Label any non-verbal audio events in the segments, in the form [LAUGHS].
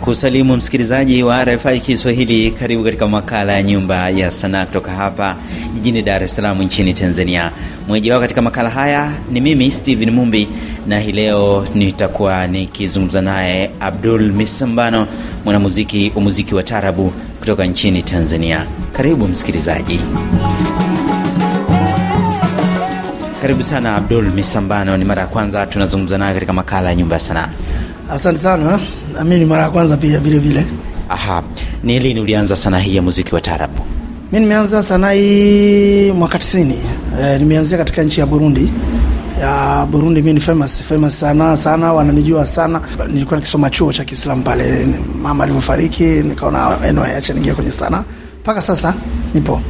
Nakusalimu msikilizaji wa RFI Kiswahili, karibu katika makala ya nyumba ya sanaa kutoka hapa jijini Dar es salamu nchini Tanzania. mweji wao katika makala haya ni mimi stehen Mumbi, na hii leo nitakuwa nikizungumza naye Abdul Misambano, mwanamuziki wa muziki wa tarabu kutoka nchini Tanzania. Karibu msikilizaji. Karibu sana Abdul Misambano, ni mara ya kwanza tunazungumza naye katika makala ya nyumba ya sanaa. Asante sana. Mimi ni mara ya kwanza pia vile vile. Aha. Ni lini ulianza sanaa hii ya muziki wa taarabu? Mimi nimeanza sanaa hii mwaka 90. E, nimeanzia katika nchi ya Burundi. Ya Burundi mimi ni famous, famous sana sana, wananijua sana. Nilikuwa nikisoma chuo cha Kiislamu pale. Mama alivyofariki nikaona eno acha ningia kwenye sanaa. Mpaka sasa nipo.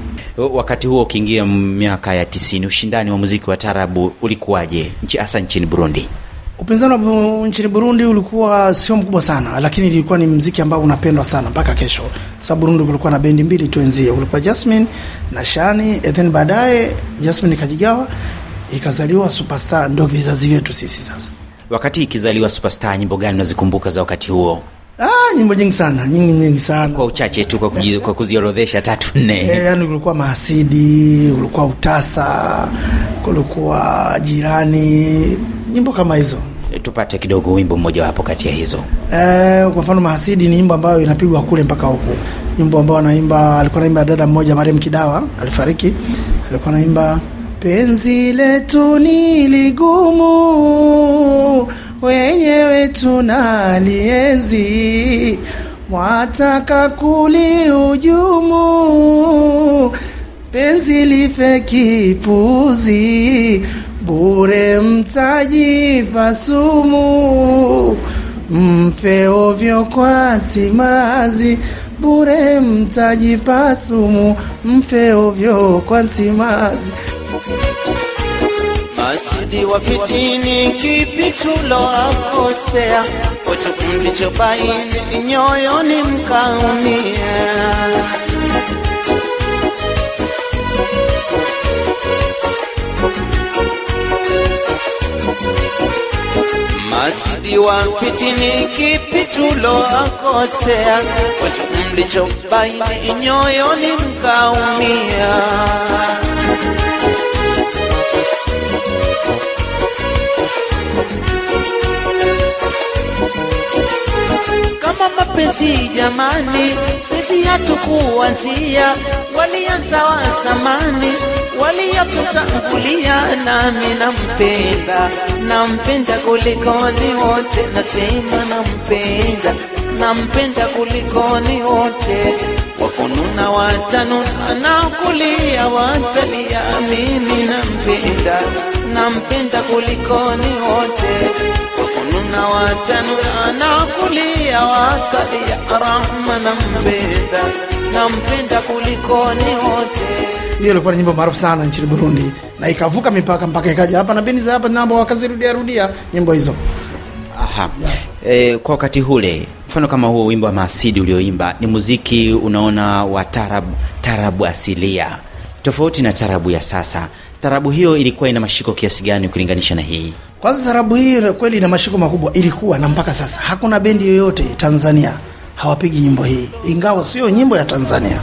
Wakati huo ukiingia miaka ya tisini, ushindani wa muziki wa tarabu ulikuwaje? Nchi hasa nchini Burundi. Upinzani wa nchini Burundi ulikuwa sio mkubwa sana, lakini ilikuwa ni mziki ambao unapendwa sana mpaka kesho, sababu Burundi kulikuwa na bendi mbili tuenzie, ulikuwa Jasmine na Shani, then baadaye Jasmine ikajigawa ikazaliwa Superstar, ndo vizazi vyetu sisi sasa. Wakati ikizaliwa Superstar, nyimbo gani unazikumbuka za wakati huo? Ah, nyimbo nyingi sana, nyingi nyingi sana. Kwa uchache tu kwa kwa kuziorodhesha tatu nne. Eh, yani kulikuwa mahasidi, kulikuwa utasa, kulikuwa jirani, nyimbo kama hizo. Eh, tupate kidogo wimbo mmoja wapo kati ya hizo. Eh, kwa mfano mahasidi ni nyimbo ambayo inapigwa kule mpaka huku. Nyimbo ambayo anaimba, alikuwa anaimba dada mmoja Mariam Kidawa, alifariki. Alikuwa anaimba penzi letu ni ligumu tunalienzi, mwataka kulihujumu, penzi life kipuzi, bure mtajipa sumu, mfe ovyo kwa simanzi bure mtajipa sumu, mfe ovyo kwa simanzi. Hasidi wa fitini, kipi tulo akosea tuloakosea? Pocho nyoyo ni mkaumia. Masidi wa fitini, kipi tulo akosea tuloakosea? Pocho nyoyo ni mkaumia. Kama mapenzi jamani, sisi hatukuanzia, walianza wa zamani waliotutangulia, nami nampenda, nampenda kulikoni wote, nasema nampenda, nampenda kulikoni wote wakununa watanuna na kulia watalia, mimi nampenda nampenda kulikoni wote, wafununa watanuna na kulia wakalia, Rahma nampenda nampenda kulikoni wote. Hiyo ilikuwa ni nyimbo maarufu sana nchini Burundi na ikavuka mipaka mpaka ikaja hapa na bendi za hapa namba wakazirudia rudia nyimbo hizo. Aha. E, kwa wakati hule mfano kama huo wimbo wa Masidi ulioimba ni muziki unaona wa tarabu, tarabu asilia tofauti na tarabu ya sasa. Tarabu hiyo ilikuwa ina mashiko kiasi gani ukilinganisha na hii? Kwanza tarabu hii kweli ina mashiko makubwa, ilikuwa na mpaka sasa hakuna bendi yoyote Tanzania hawapigi nyimbo hii, ingawa sio nyimbo ya Tanzania,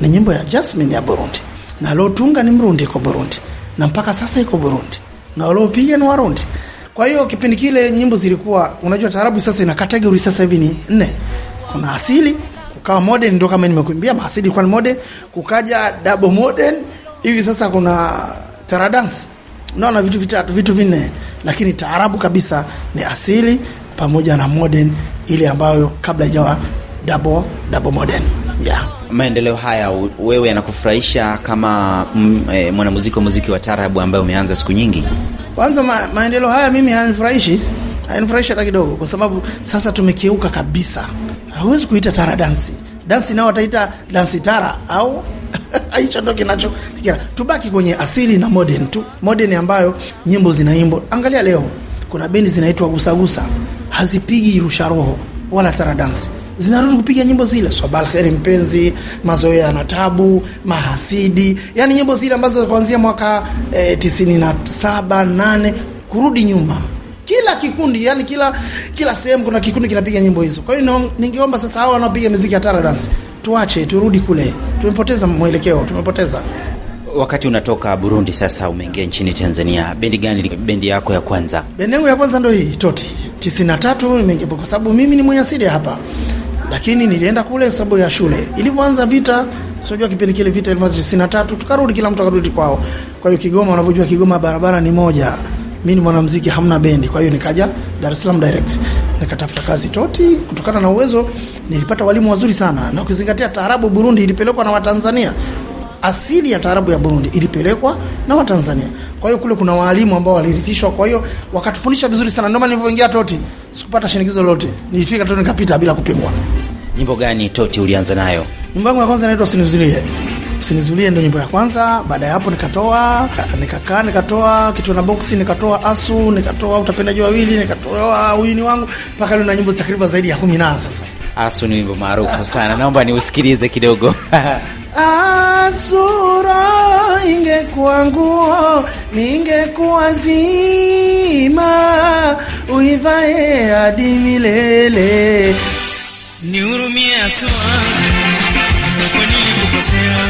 ni nyimbo ya Jasmine ya Burundi, na alotunga ni Mrundi, iko Burundi na mpaka sasa iko Burundi, na waliopiga ni Warundi. Kwa hiyo kipindi kile nyimbo zilikuwa, unajua tarabu sasa ina kategori sasa hivi ni nne, kuna asili, kukawa modern, ndio kama nimekuimbia maasili, kwa modern, kukaja double modern, hivi sasa kuna taradansi unaona vitu vitatu vitu vinne lakini taarabu kabisa ni asili pamoja na modern ile ambayo kabla ijawa modern yeah. maendeleo haya wewe yanakufurahisha kama e, mwanamuziki wa muziki wa tarabu ambaye umeanza siku nyingi kwanza ma, maendeleo haya mimi hayanifurahishi hayanifurahishi hata kidogo kwa sababu sasa tumekeuka kabisa hawezi kuita tara dansi dansi nao wataita dansi tara au [LAUGHS] hicho ndo kinacho tubaki kwenye asili na modern tu modern ambayo nyimbo zinaimbo angalia leo kuna bendi zinaitwa gusagusa hazipigi rusha roho wala taradansi zinarudi kupiga nyimbo zile swabal kheri mpenzi mazoea ya natabu mahasidi yani nyimbo zile ambazo kuanzia mwaka eh, e, 8 kurudi nyuma kila kikundi yani kila kila sehemu kuna kikundi kinapiga nyimbo hizo kwa hiyo ningeomba sasa hawa wanaopiga miziki ya taradansi tuache, turudi kule, tumepoteza mwelekeo, tumepoteza Wakati unatoka Burundi sasa umeingia nchini Tanzania, bendi gani bendi yako ya kwanza? Bendi yangu ya kwanza ndo hii Toti tisini na tatu, kwa sababu mimi ni mwenye asili hapa, lakini nilienda kule kwa sababu ya shule. Ilivyoanza vita, unajua kipindi kile vita ilivyoanza tisini tukarudi, kila mtu akarudi kwao. Kwa hiyo Kigoma, unavyojua Kigoma barabara ni moja, mi ni mwanamziki hamna bendi. Kwa hiyo nikaja Dar es Salaam direct nikatafuta kazi toti. Kutokana na uwezo nilipata walimu wazuri sana, na ukizingatia taarabu Burundi ilipelekwa na Watanzania asili ya taarabu ya Burundi ilipelekwa na Watanzania. Kwa hiyo kule kuna waalimu ambao walirithishwa, kwa hiyo wakatufundisha vizuri sana. ndoma nilivyoingia Toti sikupata shinikizo lolote, nilifika tu nikapita bila kupingwa. Nyimbo gani Toti ulianza nayo? Nyimbo yangu ya kwanza inaitwa Usinizulie. Usinizulie ndio nyimbo ya kwanza. Baada ya hapo nikatoa nikakaa nikatoa kitu na boksi nikatoa asu nikatoa utapendaji wawili nikatoa uyuni wangu mpaka lio na nyimbo takriban zaidi ya kumi na sasa. Asu ni wimbo maarufu sana, naomba niusikilize kidogo. [LAUGHS] Asura ingekuwa nguo ningekuwa zima uivae hadi milele. Nihurumie Asura, kwa nini kukosea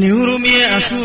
Nihurumie Asua,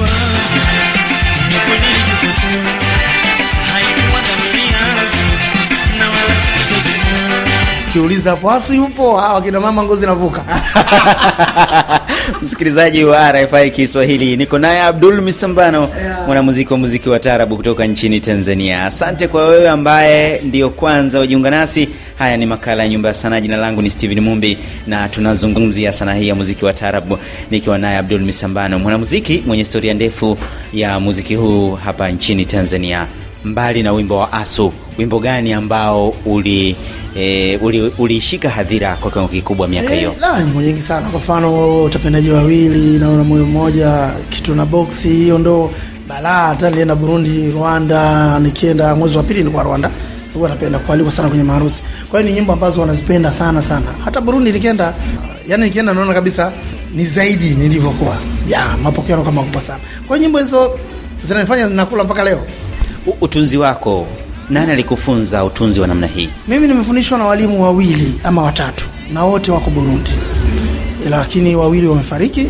ni kiuliza hapo, upo hawa kina mama ngozi navuka [LAUGHS] msikilizaji wa RFI Kiswahili. Niko naye Abdul Misambano, mwanamuziki wa muziki wa tarabu kutoka nchini Tanzania. Asante kwa wewe ambaye ndiyo kwanza wajiunga nasi. Haya ni makala ya Nyumba ya Sanaa. Jina langu ni Steven Mumbi na tunazungumzia sanaa hii ya muziki wa tarabu, nikiwa naye Abdul Misambano, mwanamuziki mwenye historia ndefu ya muziki huu hapa nchini Tanzania. Mbali na wimbo wa Asu, wimbo gani ambao uli e, eh, uliishika uli hadhira kwa kiwango kikubwa miaka hiyo? E, eh, nyimbo nyingi sana, kwa mfano utapendaji wawili, naona moyo mmoja, kitu na boksi, hiyo ndo balaa. Hata nilienda Burundi, Rwanda, nikienda mwezi wa pili nilikuwa Rwanda huwa napenda kualikwa sana kwenye maharusi. Kwa hiyo ni nyimbo ambazo wanazipenda sana sana. Hata Burundi nikienda, yani nikienda naona kabisa ni zaidi nilivyokuwa. Ya, mapokeo anakuwa makubwa sana. Kwa hiyo nyimbo hizo zinanifanya zinakula mpaka leo. Utunzi wako nani alikufunza utunzi wa namna hii? Mimi nimefundishwa na walimu wawili ama watatu, na wote wako Burundi, lakini wawili wamefariki,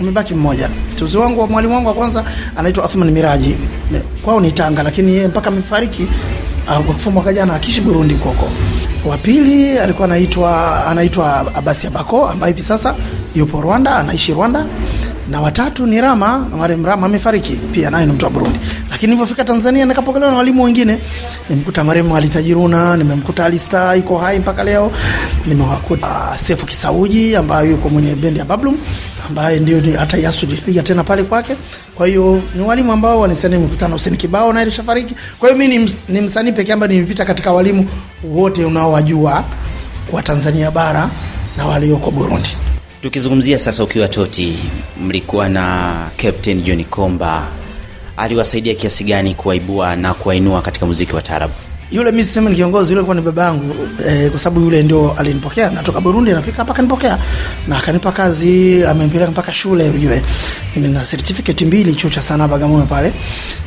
umebaki mmoja. Tuzi wangu, mwalimu wangu wa kwanza anaitwa Athman Miraji, kwao ni Tanga, lakini yeye mpaka amefariki kufa mwaka jana, akishi Burundi koko. Wa pili alikuwa anaitwa anaitwa Abasi Abako ambaye hivi sasa yupo Rwanda, anaishi Rwanda na watatu ni Rama marehemu Rama amefariki pia naye ni mtu wa Burundi. Lakini nilipofika Tanzania nikapokelewa na walimu wengine. Nimemkuta marehemu Alitajiruna, nimemkuta Alista iko hai mpaka leo. Nimewakuta ah, Sefu Kisauji ambaye yuko mwenye bendi ya Bablum ambaye ndio hata Yasu tulipiga tena pale kwake. Kwa hiyo ni walimu ambao wanisani mkutano Hussein Kibao naye alishafariki. Kwa hiyo mimi ni, ni msanii pekee ambaye nimepita katika walimu wote unaowajua wa Tanzania bara na walioko Burundi. Tukizungumzia sasa ukiwa Toti, mlikuwa na Captain John Komba, aliwasaidia kiasi gani kuwaibua na kuwainua katika muziki wa taarabu? Yule mi sisema ni kiongozi, yule kuwa ni baba yangu eh, kwa sababu yule ndio alinipokea natoka Burundi, anafika hapa akanipokea na akanipa kazi, amempeleka mpaka shule. Ujue na certificate mbili chuo cha sanaa Bagamoyo pale,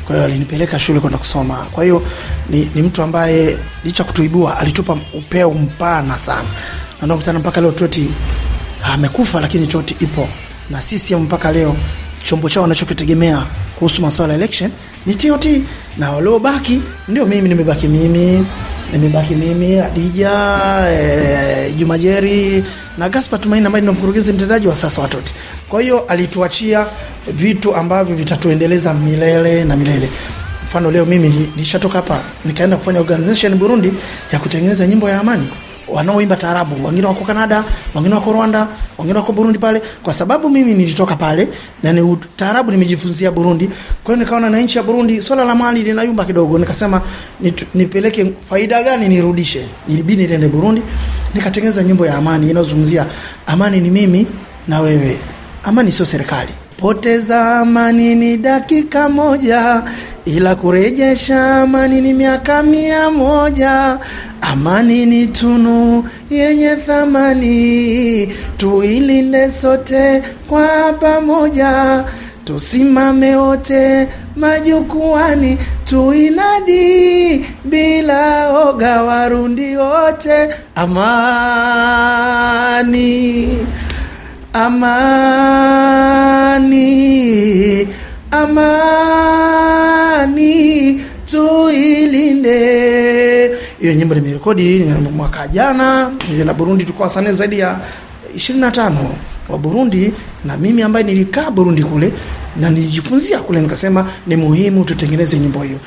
kwa hiyo alinipeleka shule kwenda kusoma. Kwa hiyo ni, ni mtu ambaye licha kutuibua alitupa upeo mpana sana, na nakutana mpaka leo Toti amekufa, lakini choti ipo na CCM mpaka leo chombo chao wanachokitegemea kuhusu masuala ya election ni TOT, na waliobaki ndio mimi, nimebaki mimi, nimebaki mimi Adija e, eh, Jumajeri na Gaspar Tumaini ambaye ndio mkurugenzi mtendaji wa sasa watoti. Kwa hiyo alituachia vitu ambavyo vitatuendeleza milele na milele. Mfano leo mimi nilishatoka hapa nikaenda kufanya organization Burundi ya kutengeneza nyimbo ya amani wanaoimba taarabu, wengine wako kanada wengine wako Rwanda, wengine wako Burundi pale, kwa sababu mimi nilitoka pale na ni taarabu nimejifunzia Burundi. Kwa hiyo nikaona na nchi ya Burundi swala la mali linayumba kidogo, nikasema nipeleke faida gani nirudishe. ilibidi niende Burundi, nikatengeneza nyimbo ya amani inayozungumzia amani ni mimi na wewe, amani sio serikali. Poteza amani ni dakika moja ila kurejesha amani ni miaka mia moja. Amani ni tunu yenye thamani, tuilinde sote kwa pamoja, tusimame wote majukwani, tuinadi bila oga, Warundi wote, amani, amani, amani gani tuilinde. Hiyo nyimbo nimerekodi mwaka jana, nilienda Burundi, tulikuwa wasanii zaidi ya 25 wa Burundi na mimi ambaye nilikaa Burundi kule na nilijifunzia kule, nikasema ni muhimu tutengeneze nyimbo hiyo.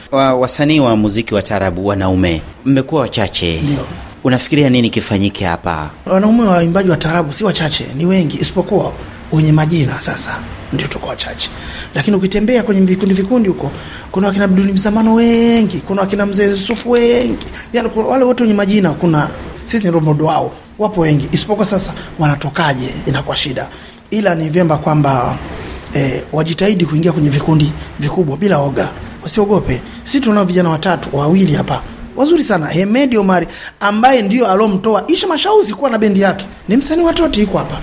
Wasanii wa muziki wa tarabu wanaume mmekuwa wachache, ndio unafikiria nini kifanyike hapa? Wanaume waimbaji wa tarabu si wachache, ni wengi, isipokuwa wenye majina sasa ndio tuko wachache, lakini ukitembea kwenye vikundi vikundi huko kuna wakina Abdul Msamano wengi, kuna wakina mzee Yusufu wengi, yani wale wote wenye majina, kuna sisi ni role wao, wapo wengi, isipokuwa sasa wanatokaje inakuwa shida, ila ni vyema kwamba e, wajitahidi kuingia kwenye vikundi vikubwa bila oga, wasiogope. Sisi tunao vijana watatu wawili hapa wazuri sana Hemedi Omari ambaye ndio alomtoa Isha Mashauzi kuwa na bendi yake, ni msanii watoti, iko hapa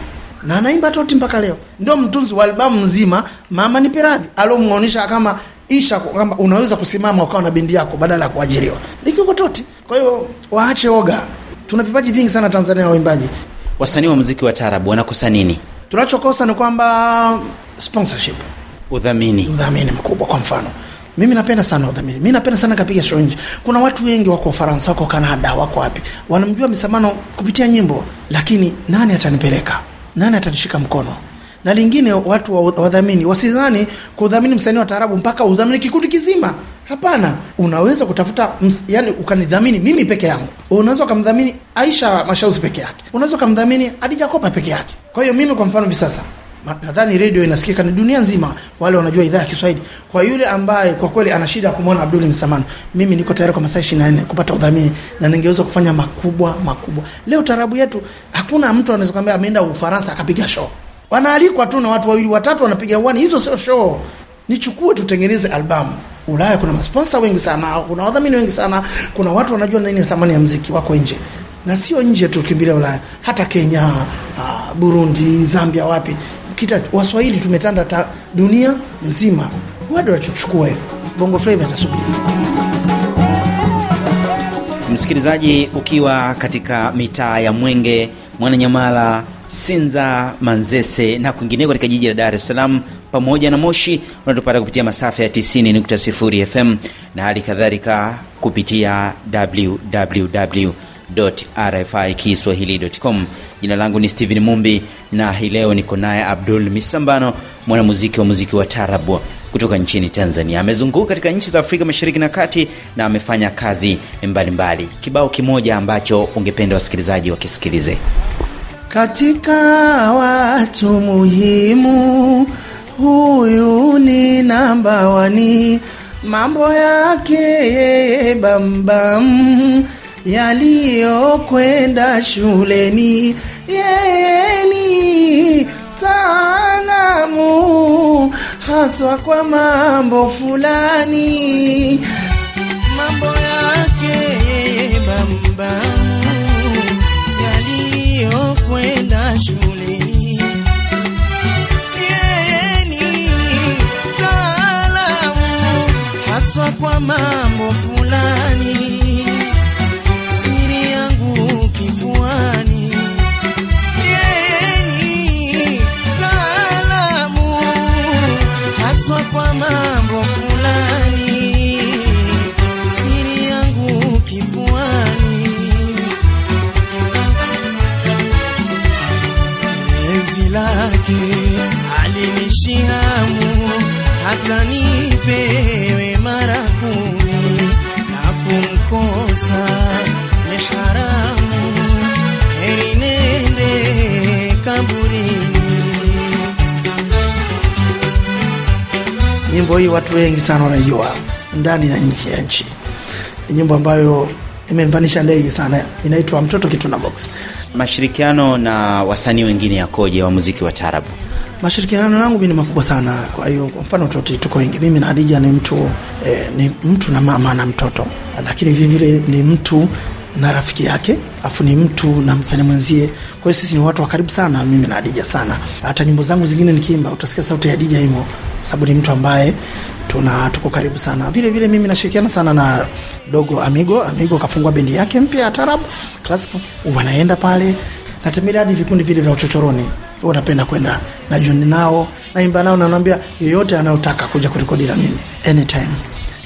na anaimba toti mpaka leo ndio mtunzi wa albamu nzima mama ni peradhi alomuonesha kama isha kwamba unaweza kusimama ukawa na bendi yako badala ya kuajiriwa ikiuko toti kwa hiyo waache oga tuna vipaji vingi sana tanzania waimbaji wasanii wa muziki wa taarabu wanakosa nini tunachokosa ni kwamba sponsorship udhamini udhamini mkubwa kwa mfano mimi napenda sana udhamini mi napenda sana kapiga show nje kuna watu wengi wako ufaransa wako kanada wako wapi wanamjua misamano kupitia nyimbo lakini nani atanipeleka nani atanishika mkono na lingine watu wadhamini wa wasidhani kudhamini msanii wa taarabu mpaka udhamini kikundi kizima hapana unaweza kutafuta ms, yani ukanidhamini mimi peke yangu unaweza ukamdhamini aisha mashauzi peke yake unaweza ukamdhamini adijakopa peke yake kwa hiyo mimi kwa mfano hivi sasa nadhani redio inasikika ni dunia nzima, wale wanajua idhaa ya Kiswahili. Kwa yule ambaye kwa kweli ana shida ya kumwona Abdul Msamano, mimi niko tayari kwa masaa 24 kupata udhamini na ningeweza kufanya makubwa makubwa. Leo tarabu yetu, hakuna mtu anaweza kwambia ameenda Ufaransa akapiga show, wanaalikwa tu na watu wawili watatu wanapiga uwani. Hizo sio show. Nichukue tutengeneze albamu Ulaya kuna masponsa wengi sana, kuna wadhamini wengi sana, kuna watu wanajua nini thamani ya mziki wako nje, na sio nje tukimbilia Ulaya, hata Kenya, uh, Burundi, Zambia, wapi kita Waswahili tumetanda ta dunia nzima, wado wachochukua hiyo Bongo flavo atasubiri. Msikilizaji, ukiwa katika mitaa ya Mwenge, Mwananyamala, Sinza, Manzese na kwingineko katika jiji la Dar es Salaam pamoja na Moshi, unatupata kupitia masafa ya 90.0 FM na hali kadhalika kupitia kiswahilicom Jina langu ni Steven Mumbi na hii leo niko naye Abdul Misambano, mwanamuziki wa muziki wa tarabu kutoka nchini Tanzania. Amezunguka katika nchi za Afrika Mashariki na Kati na amefanya kazi mbalimbali. Kibao kimoja ambacho ungependa wasikilizaji wakisikilize. Katika watu muhimu, huyu ni nambawani mambo yake yeye bambam yaliyokwenda shuleni yeye ni taalamu haswa kwa mambo fulani mambo yake bambamu yaliyokwenda shuleni yeye ni taalamu haswa kwa mambo fulani Nyimbo hii watu wengi sana wanaijua ndani na nje ya nchi. Ni nyimbo ambayo imenipanisha ndege sana, inaitwa mtoto kitu na box. Mashirikiano na wasanii wengine yakoje wa muziki wa taarabu? Mashirikiano yangu mimi ni makubwa sana. Kwa hiyo kwa mfano tuti tuko wengi, mimi na Hadija ni mtu eh, ni mtu na mama na mtoto, lakini vivile ni mtu na rafiki yake, afu ni mtu na msanii mwenzie. Kwa hiyo sisi ni watu wa karibu sana, mimi na Adija sana. Hata nyimbo zangu zingine nikiimba, utasikia sauti ya Adija imo, sababu ni mtu ambaye tuna tuko karibu sana. Vile vile mimi nashirikiana sana na dogo Amigo. Amigo kafungua bendi yake mpya ya tarab classic, wanaenda pale, natembelea hadi vikundi vile vya uchochoroni, wanapenda kwenda na John nao naimba nao, na naambia yeyote anayotaka kuja kurekodi na mimi anytime,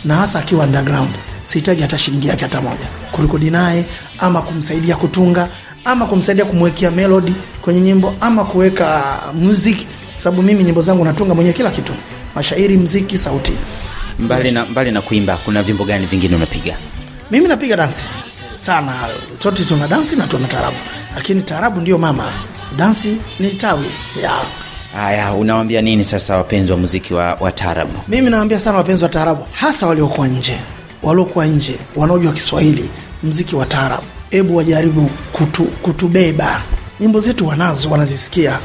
na hasa akiwa underground sihitaji hata shilingi yake hata moja kurekodi naye ama kumsaidia kutunga ama kumsaidia kumwekea melodi kwenye nyimbo ama kuweka muziki sababu mimi nyimbo zangu natunga mwenyewe kila kitu mashairi mziki sauti mbali na, mbali na kuimba kuna vimbo gani vingine unapiga mimi napiga dansi sana toti tuna dansi na tuna tarabu lakini tarabu ndio mama dansi ni tawi ya haya unawambia nini sasa wapenzi wa muziki wa, wa tarabu mimi nawambia sana wapenzi wa tarabu hasa waliokuwa nje waliokuwa nje wanaojua Kiswahili, mziki wa taarab, hebu wajaribu kutu, kutubeba. Nyimbo zetu wanazo, wanazisikia.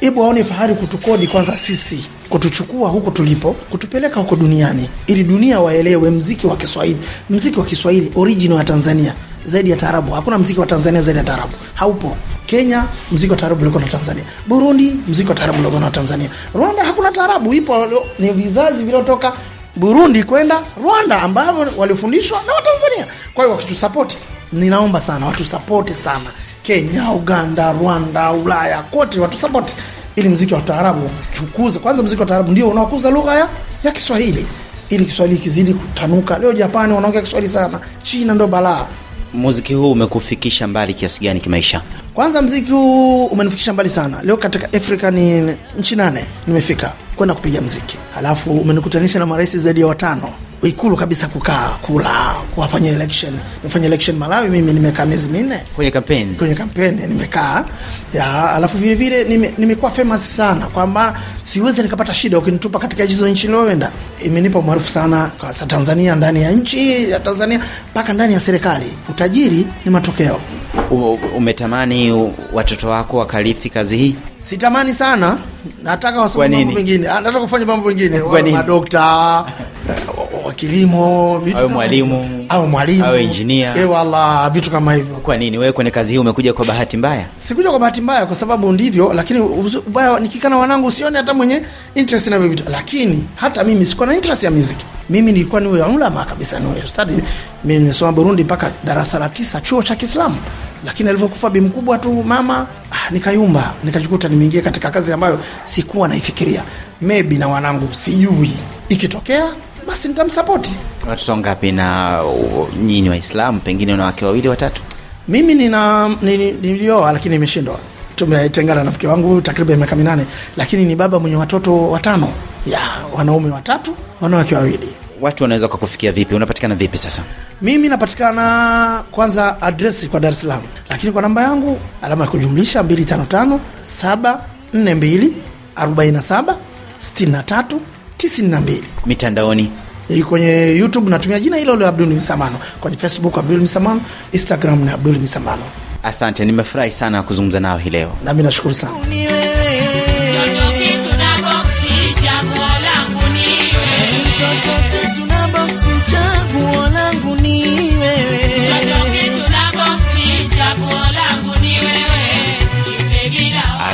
Hebu waone fahari kutukodi kwanza sisi, kutuchukua huko tulipo, kutupeleka huko duniani, ili dunia waelewe mziki wa Kiswahili. Mziki wa Kiswahili original ya Tanzania zaidi ya taarabu, hakuna mziki wa Tanzania zaidi ya taarabu, haupo. Kenya mziki wa taarabu uliko na Tanzania. Burundi mziki wa taarabu uliko na Tanzania. Rwanda hakuna taarabu, ipo ni vizazi vilivyotoka Burundi kwenda Rwanda ambavyo walifundishwa na Watanzania. Kwa hiyo wakitusapoti, ninaomba sana watusapoti sana, Kenya, Uganda, Rwanda, Ulaya kote watusapoti ili mziki wa taarabu tukuze. Kwanza mziki wa taarabu ndio unaokuza lugha ya, ya Kiswahili ili Kiswahili kizidi kutanuka. Leo Japani wanaongea Kiswahili sana, China ndo balaa muziki huu umekufikisha mbali kiasi gani kimaisha? Kwanza mziki huu umenifikisha mbali sana. Leo katika Afrika ni nchi nane nimefika kwenda kupiga mziki, halafu umenikutanisha na marahisi zaidi ya watano Ikulu kabisa kukaa kula kuwafanya election. Nimefanya election Malawi, mimi nimekaa miezi minne kwenye kampeni, kwenye kampeni nimekaa ya, alafu vile vile nimekuwa nime, famous sana kwamba siwezi nikapata shida ukinitupa katika hizo nchi niliyoenda. Imenipa maarufu sana kwa sa Tanzania, ndani ya nchi ya Tanzania mpaka ndani ya serikali. Utajiri ni matokeo. umetamani watoto wako wakalithi kazi hii? Sitamani sana, nataka wasome mambo mengine, ah, nataka kufanya mambo mengine, madokta kilimo au mwalimu au mwalimu au engineer eh, wala vitu kama hivyo. Kwa nini wewe kwenye kazi hii umekuja kwa bahati mbaya? Sikuja kwa bahati mbaya kwa sababu ndivyo, lakini ubaya nikikana wanangu usione hata mwenye interest na vitu, lakini hata mimi sikuwa na interest ya music. Mimi nilikuwa niwe ulama kabisa, niwe study Mimi nimesoma Burundi mpaka darasa la tisa chuo cha Kiislamu lakini alivyokufa bi mkubwa tu mama, ah, nikayumba nikajikuta nimeingia katika kazi ambayo sikuwa naifikiria. Maybe na wanangu, sijui ikitokea basi nitamsapoti. Watoto ngapi na nyinyi Waislamu, pengine una wake wawili watatu? Mimi nina nilioa, lakini nimeshindwa. Tumetengana na mke wangu takriban miaka minane, lakini ni baba mwenye watoto watano, ya wanaume watatu, wanawake wawili. Watu wanaweza kakufikia vipi? Unapatikana vipi sasa? Mimi napatikana kwanza adresi kwa dares es Salaam, lakini kwa namba yangu alama ya kujumlisha 255 742 47 63 92 mitandaoni kwenye YouTube natumia jina hilo la Abdul Misamano, kwenye Facebook Abdul Misamano, Instagram na Abdul Misamano. Asante, nimefurahi sana kuzungumza nao hii leo. Nami nashukuru sana.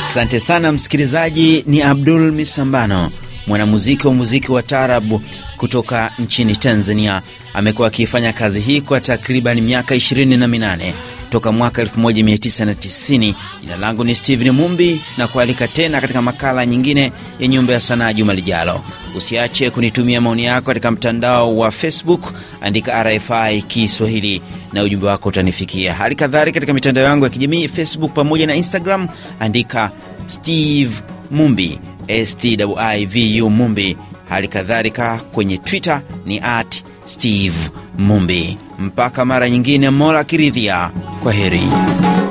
Asante sana msikilizaji, ni Abdul Misambano mwanamuziki wa muziki wa taarabu kutoka nchini Tanzania. Amekuwa akifanya kazi hii kwa takriban miaka 28 toka mwaka 1990. Jina langu ni stehen Mumbi na kualika tena katika makala nyingine ya Nyumba ya Sanaa juma lijalo. Usiache kunitumia maoni yako katika mtandao wa Facebook, andika RFI Kiswahili na ujumbe wako utanifikia. Hali kadhalika katika mitandao yangu ya kijamii Facebook pamoja na Instagram, andika Steve Mumbi Stivu Mumbi, hali kadhalika kwenye Twitter ni at Steve Mumbi. Mpaka mara nyingine, Mola kiridhia kwa heri.